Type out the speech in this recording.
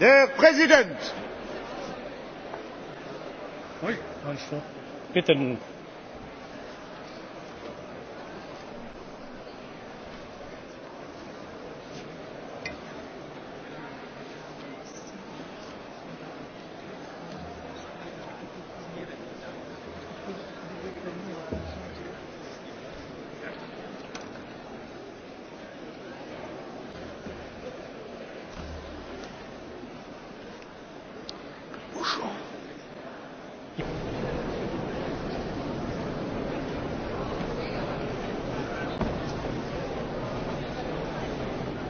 Der Präsident! Bitte.